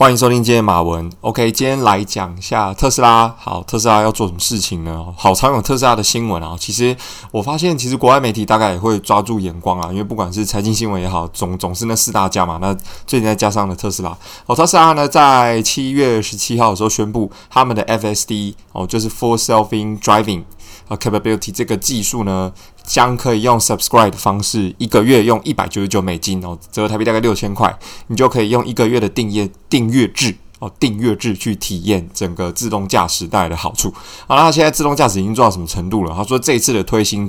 歡迎收聽今天的馬文，OK，今天來講一下特斯拉。好，特斯拉要做什麼事情呢？好，常有特斯拉的新聞啊。其實我發現，其實國外媒體大概也會抓住眼光啊，因為不管是財經新聞也好，總總是那四大家嘛。那最近再加上了特斯拉。哦，特斯拉呢，在七月十七號的時候宣布他們的 FSD 哦，就是 Full Self Driving。啊，capability 這個技術呢，將可以用 subscribe 的方式，一個月用一百九十九美金哦，折合台幣大概六千塊，你就可以用一個月的訂閱訂閱制哦，訂閱制去體驗整個自動駕駛帶來的好處。好、啊、了，那他現在自動駕駛已經做到什麼程度了？他說這一次的推新，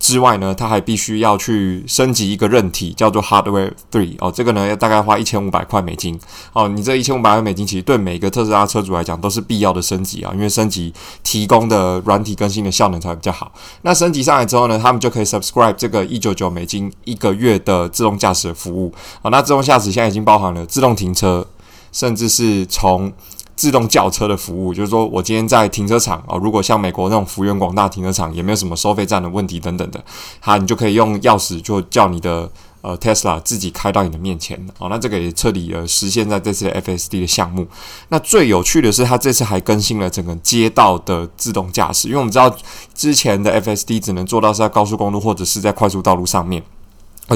之外呢，它還必須要去升級一個韌體，叫做 Hardware Three。哦，這個呢要大概花一千五百塊美金。哦，你這一千五百塊美金，其實對每一個特斯拉車主來講都是必要的升級啊，因為升級提供的軟體更新的效能才會比較好。那升級上來之後呢，他們就可以 Subscribe 這個一九九美金一個月的自動駕駛服務。哦，那自動駕駛現在已經包含了自動停車，甚至是從。自動叫車的服務，就是說我今天在停車場啊、哦，如果像美國那種幅員廣大停車場也沒有什麼收費站的問題等等的，好、啊，你就可以用鑰匙就叫你的呃 Tesla 自己開到你的面前好、哦，那這個也徹底的實現在這次 FSD 的項目。那最有趣的是，它這次還更新了整個街道的自動駕駛，因為我們知道之前的 FSD 只能做到在高速公路或者是在快速道路上面。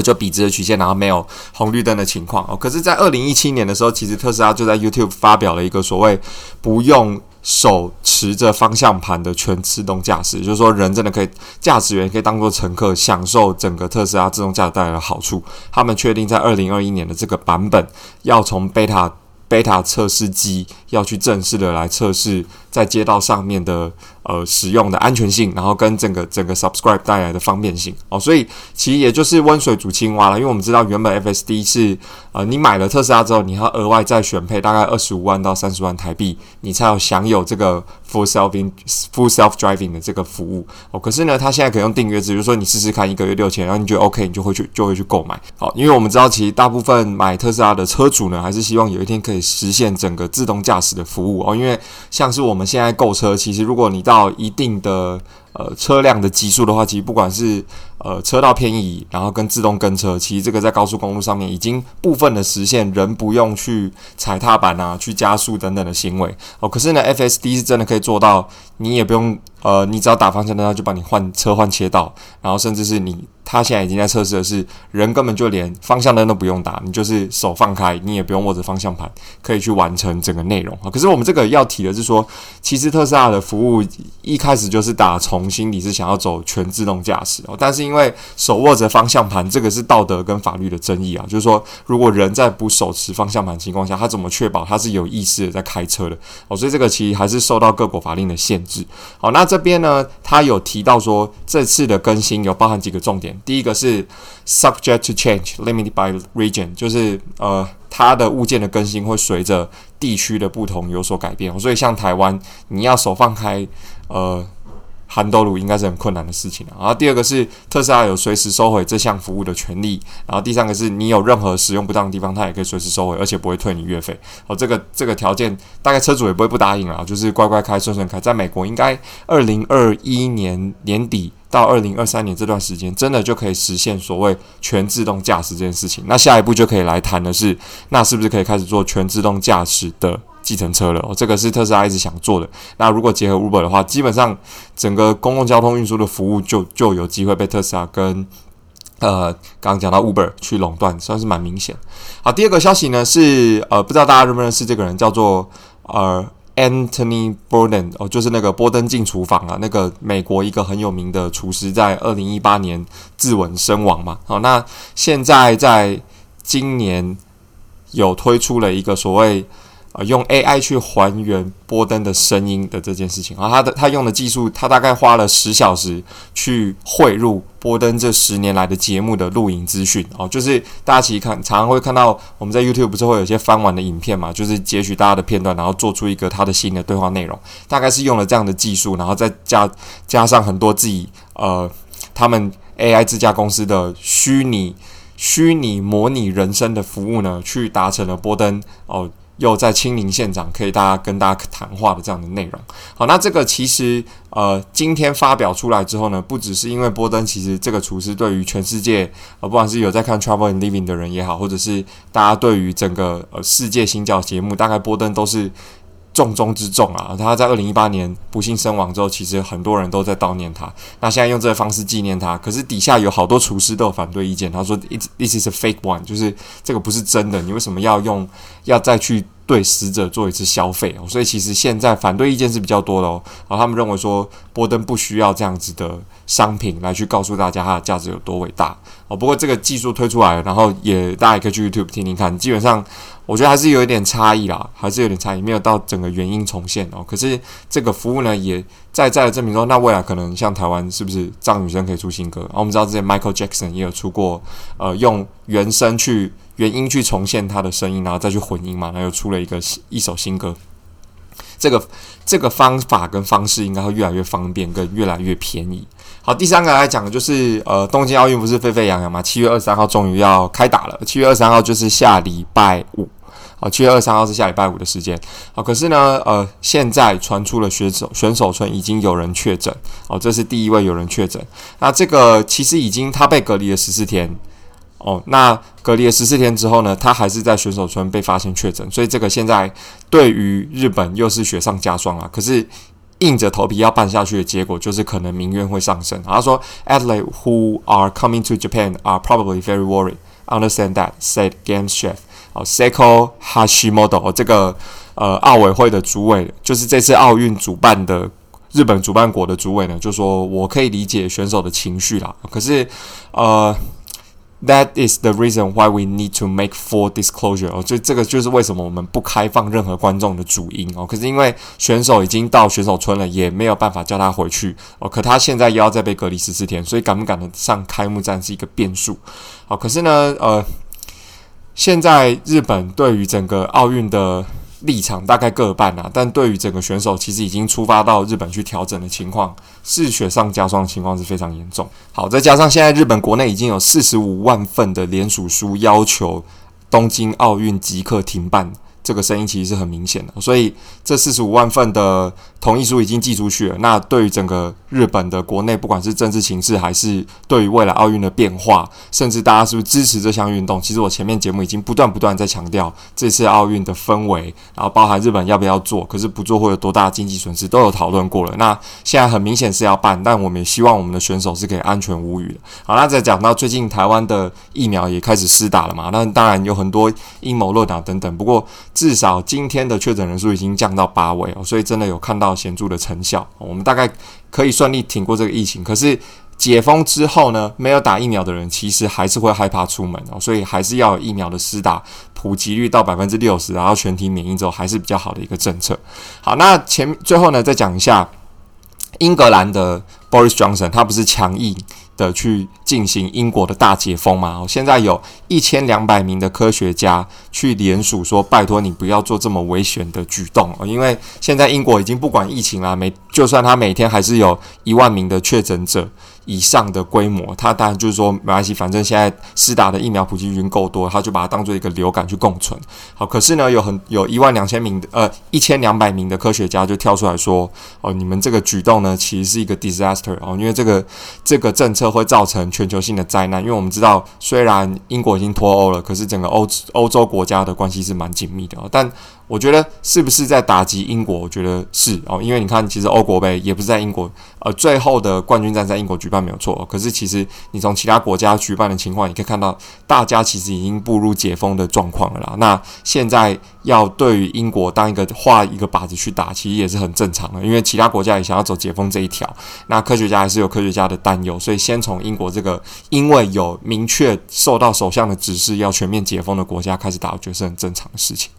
就筆直的曲線，然後沒有紅綠燈的情況哦。可是，在二零一七年的時候，其實特斯拉就在 YouTube 發表了一個所謂不用手持着方向盤的全自動駕駛，也就是說，人真的可以駕駛員可以當做乘客，享受整個特斯拉自動駕駛帶來的好處。他們確定在二零二一年的這個版本要從貝塔貝塔測試機要去正式的來測試在街道上面的。呃，使用的安全性，然後跟整個整個 subscribe 帶來的方便性哦，所以其實也就是溫水煮青蛙啦，因為我們知道原本 FSD 是呃，你買了特斯拉之後，你要額外再選配大概二十五萬到三十萬台幣，你才有享有這個 full selfing full self driving 的這個服務哦。可是呢，它現在可以用訂閱制，就是說你試試看一個月六千，然後你覺得 OK，你就會去就會去購買。哦。因為我們知道其實大部分買特斯拉的車主呢，還是希望有一天可以實現整個自動駕駛的服務哦，因為像是我們現在購車，其實如果你到到一定的呃車輛的基數的話，其實不管是。呃，車道偏移，然後跟自動跟車，其實這個在高速公路上面已經部分的實現，人不用去踩踏板啊，去加速等等的行為。哦，可是呢，FSD 是真的可以做到，你也不用呃，你只要打方向燈，它就幫你換車換切道，然後甚至是你，它現在已經在測試的是，人根本就連方向燈都不用打，你就是手放開，你也不用握着方向盤，可以去完成整個內容。啊、哦，可是我們這個要提的是說，其實特斯拉的服務一開始就是打從心底是想要走全自動駕駛哦，但是。因為手握着方向盤，這個是道德跟法律的爭議啊。就是說，如果人在不手持方向盤的情況下，他怎麼確保他是有意識的在開車的？哦，所以這個其實還是受到各國法令的限制。好，那這邊呢，他有提到說，這次的更新有包含幾個重點。第一個是 subject to change, limited by region，就是呃，它的物件的更新會隨着地區的不同有所改變。哦，所以像台灣，你要手放開，呃。含兜路應該是很困難的事情啊，然後第二個是特斯拉有隨時收回這項服務的權利。然後第三個是你有任何使用不當的地方，它也可以隨時收回，而且不會退你月費。好，這個這個條件大概車主也不會不答應啊，就是乖乖開，順順開。在美國，應該二零二一年年底到二零二三年這段時間，真的就可以實現所謂全自動駕駛這件事情。那下一步就可以來談的是，那是不是可以開始做全自動駕駛的？計程車了哦，這個是特斯拉一直想做的。那如果結合 Uber 的話，基本上整個公共交通運輸的服務就就有機會被特斯拉跟呃剛剛講到 Uber 去壟斷，算是蠻明顯。好，第二個消息呢是呃，不知道大家認不認識這個人，叫做呃 Anthony Bourdain 哦，就是那個波登進廚房啊，那個美國一個很有名的廚師，在二零一八年自刎身亡嘛。好，哦，那現在在今年有推出了一個所謂。呃、用 AI 去還原波登的聲音的這件事情，啊，他的他用的技術，他大概花了十小時去匯入波登這十年來的節目的錄影資訊，哦，就是大家其實看，常常會看到我們在 YouTube 不是會有一些翻玩的影片嘛，就是截取大家的片段，然後做出一個他的新的對話內容，大概是用了這樣的技術，然後再加加上很多自己呃，他們 AI 自家公司的虛擬虛擬模擬人生的服務呢，去達成了波登哦。呃又在親臨現場，可以大家跟大家談話的這樣的內容。好，那這個其實呃，今天發表出來之後呢，不只是因為波登，其實這個廚師對於全世界，呃，不管是有在看《Travel and Living》的人也好，或者是大家對於整個呃世界行腳節目，大概波登都是。重中之重啊！他在二零一八年不幸身亡之後，其實很多人都在悼念他。那現在用這個方式紀念他，可是底下有好多廚師都有反對意見，他說：“It, This is a fake one，就是這個不是真的，你為什麼要用，要再去？”對死者做一次消費哦，所以其實現在反對意見是比較多的哦。然後他們認為說波登不需要這樣子的商品來去告訴大家它的價值有多偉大哦。不過這個技術推出來，然後也大家也可以去 YouTube 聽聽看。基本上我覺得還是有一點差異啦，還是有點差異，沒有到整個原音重現哦。可是這個服務呢，也在在的證明說，那未來可能像台灣是不是張雨生可以出新歌啊，哦？我們知道之前 Michael Jackson 也有出過呃用原聲去。原音去重現他的聲音，然後再去混音嘛，然後又出了一個一首新歌。這個這個方法跟方式應該會越來越方便，跟越來越便宜。好，第三個來講就是呃，東京奧運不是沸沸揚揚嘛？七月二十三號終於要開打了。七月二十三號就是下禮拜五，好，七月二十三號是下禮拜五的時間。好，可是呢，呃，現在傳出了選手選手村已經有人確診，好，這是第一位有人確診。那這個其實已經他被隔離了十四天。哦，那隔離了十四天之後呢，他還是在選手村被發現確診，所以這個現在對於日本又是雪上加霜啊。可是硬着頭皮要辦下去的結果，就是可能民怨會上升。他說 Athletes who are coming to Japan are probably very worried. Understand that,” said Games Chef. 好，Seiko Hashimoto，哦，這個呃奧委會的主委，就是這次奧運主辦的日本主辦國的主委呢，就說我可以理解選手的情緒啦。可是，呃。That is the reason why we need to make full disclosure。哦，就這個就是為什麼我們不開放任何觀眾的主因哦。可是因為選手已經到選手村了，也沒有辦法叫他回去哦。可他現在又要再被隔離十四天，所以趕不趕得上開幕戰是一個變數。好、哦，可是呢，呃，現在日本對於整個奧運的。立場大概各半吶、啊，但對於整個選手其實已經出發到日本去調整的情況，是雪上加霜的情況是非常嚴重。好，再加上現在日本國內已經有四十五萬份的聯署書，要求東京奧運即刻停辦，這個聲音其實是很明顯的。所以這四十五萬份的同意書已經寄出去了。那對於整個日本的國內不管是政治形勢，還是對於未來奧運的變化，甚至大家是不是支持這項運動，其實我前面節目已經不斷不斷在強調這次奧運的氛圍，然後包含日本要不要做，可是不做會有多大的經濟損失都有討論過了。那現在很明顯是要辦，但我們也希望我們的選手是可以安全無虞的。好，那再講到最近台灣的疫苗也開始施打了嘛，那當然有很多陰謀論啊等等，不過至少今天的確診人數已經降到八位哦，所以真的有看到顯著的成效。我們大概。可以順利挺過這個疫情，可是解封之後呢，沒有打疫苗的人其實還是會害怕出門哦，所以還是要有疫苗的施打，普及率到百分之六十，然後全體免疫之後還是比較好的一個政策。好，那前最後呢，再講一下英格蘭的 Boris Johnson，他不是強硬的去進行英國的大解封嗎？哦，現在有一千兩百名的科學家去聯署說，拜托你不要做這麼危險的舉動哦，因為現在英國已經不管疫情了，沒。就算他每天還是有一萬名的確診者以上的規模，他當然就是說沒關係，反正現在施打的疫苗普及已經夠多，他就把它當做一個流感去共存。好，可是呢，有很有一萬兩千名呃一千兩百名的科學家就跳出來說，哦，你們這個舉動呢，其實是一個 disaster 哦，因為這個這個政策會造成全球性的災難。因為我們知道，雖然英國已經脫歐了，可是整個歐歐洲國家的關係是蠻緊密的哦。但我覺得是不是在打擊英國？我覺得是哦，因為你看，其實歐。國杯，也不是在英國，呃，最後的冠軍戰在英國舉辦沒有錯。可是其實你從其他國家舉辦的情況，也可以看到，大家其實已經步入解封的狀況了啦。那現在要對於英國當一個畫一個靶子去打，其實也是很正常的，因為其他國家也想要走解封這一條。那科學家還是有科學家的擔憂，所以先從英國這個因為有明確受到首相的指示要全面解封的國家開始打，我覺得是很正常的事情。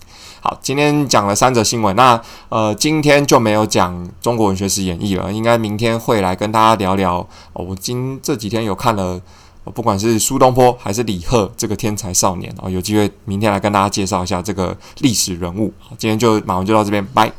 好，今天講了三則新聞，那呃，今天就沒有講中國文學史演義了，應該明天會來跟大家聊聊。哦，我今這幾天有看了，哦，不管是蘇東坡還是李賀這個天才少年，哦，有機會明天來跟大家介紹一下這個歷史人物。好，今天就馬上就到這邊，拜。